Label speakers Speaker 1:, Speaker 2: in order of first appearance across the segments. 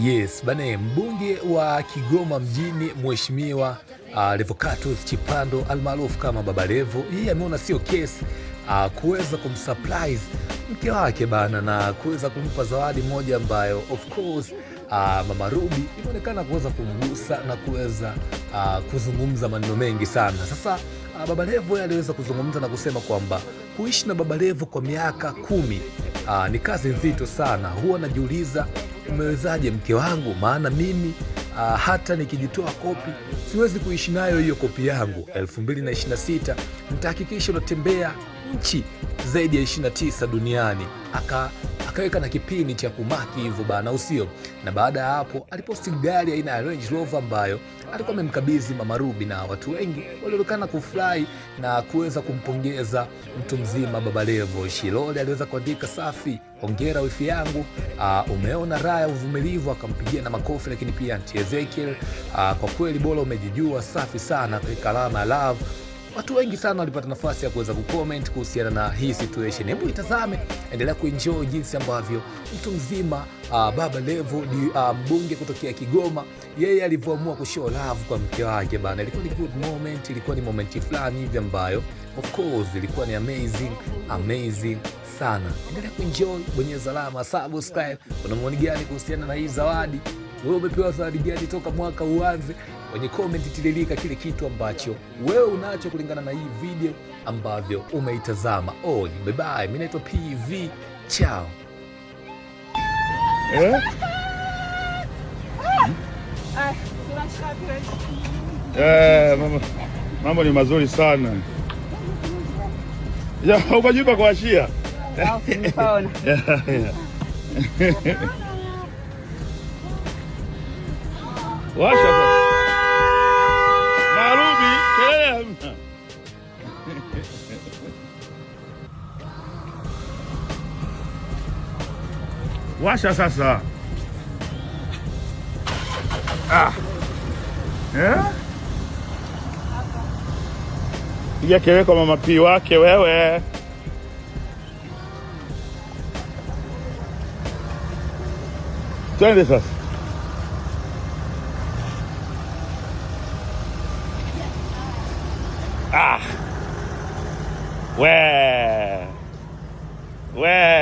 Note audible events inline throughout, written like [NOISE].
Speaker 1: Yes bane, mbunge wa Kigoma mjini mheshimiwa uh, Revocatus Chipando almaarufu kama Baba Levo, yeye ameona sio kesi uh, kuweza kumsurprise mke wake bana na kuweza kumpa zawadi moja ambayo of course uh, Mama Ruby imeonekana kuweza kumgusa na kuweza uh, kuzungumza maneno mengi sana. Sasa uh, Baba Levo aliweza kuzungumza na kusema kwamba kuishi na Baba Levo kwa miaka kumi uh, ni kazi nzito sana. Huwa anajiuliza umewezaje mke wangu, maana mimi Uh, hata nikijitoa kopi siwezi kuishi nayo hiyo kopi yangu. 2026 nitahakikisha unatembea nchi zaidi ya 29 duniani aka akaweka na kipini cha kumaki hivyo bana, usio Na baada ya hapo aliposti gari aina ya Range Rover ambayo alikuwa amemkabidhi Mama Ruby, na watu wengi walionekana kufurahi na kuweza kumpongeza mtu mzima Baba Levo. Shilole aliweza kuandika safi, hongera wifi yangu, uh, umeona raha ya uvumilivu, akampigia na makofi. Lakini pia Auntie Ezekiel, uh, kwa kweli bora umejijua, safi sana, katika alama ya love. Watu wengi sana walipata nafasi ya kuweza kucomment kuhusiana na hii situation. Hebu itazame endelea kuenjoy jinsi ambavyo mtu mzima uh, Baba Levo uh, mbunge kutokea Kigoma, yeye alivyoamua kushow love kwa mke wake bana, ilikuwa ni good moment, ilikuwa ni momenti fulani hivi ambayo of course ilikuwa ni amazing amazing sana. Endelea kuenjoy, bonyeza alama subscribe. Una maoni gani kuhusiana na hii zawadi? Wewe umepewa zawadi gani toka mwaka uanze? kwenye komenti tililika kile kitu ambacho wewe unacho kulingana na hii video ambavyo umeitazama. Oh, bye bye. Mimi naitwa PV. Chao. Eh?
Speaker 2: Ah! Eh, mambo, mambo ni mazuri sana. Ya, ukajipa kwa ashia. Washa. washa sasa. Ah. Yeah? Piga kelele kwa mama P wake wewe. Twende sasa. Ah. We. We.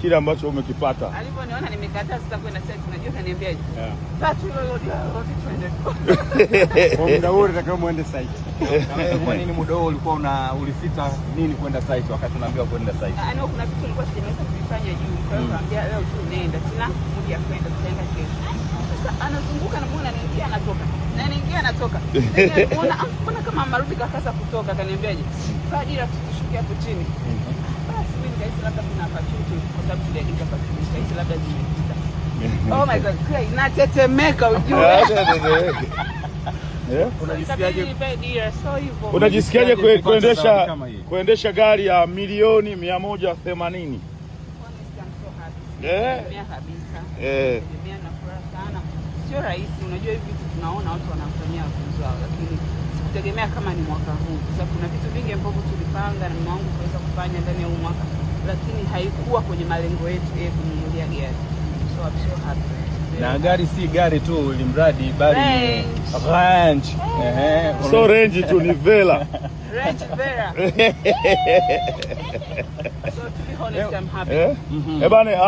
Speaker 2: kile ambacho umekipata.
Speaker 3: Aliponiona nimekataa sasa kwenda site, unajua kaniambia hivi. Yeah. Tatu lolote lolote tuende.
Speaker 4: Kwa muda wote nataka muende site. Kama kwa nini muda wote ulikuwa una ulisita nini kwenda site wakati unaambiwa kwenda site?
Speaker 3: Ah, kuna vitu nilikuwa sijaweza kufanya juu. Kwa hiyo mm. kaambia leo tu nenda. Sina muda ya kwenda tutaenda kesho. Sasa anazunguka na muona anaingia anatoka. Na anaingia anatoka. [LAUGHS] Nimeona ah, mbona kama amarudi kakasa kutoka kaniambiaje? Fadila tutushukia hapo chini. Mm-hmm labda [LAUGHS] oh ujue. [LAUGHS]
Speaker 2: Unajisikiaje kuendesha kuendesha gari ya milioni mia moja themanini?
Speaker 3: Sio rahisi, unajua hivi vitu tunaona watu wanafanyia wapenzi wao, lakini sikutegemea kama ni mwaka huu, kwa sababu kuna vitu vingi ambavyo tulipanga na mwangu kuweza kufanya ndani ya huu mwaka lakini haikuwa kwenye malengo yetu yeye kununulia gari. So I'm so happy.
Speaker 4: Na gari si gari tu, ili mradi bali
Speaker 2: range. Eh, So range tu ni Vela.
Speaker 3: Range Vela. [LAUGHS] So to be honest, I'm happy. Eh, mhm. eh bana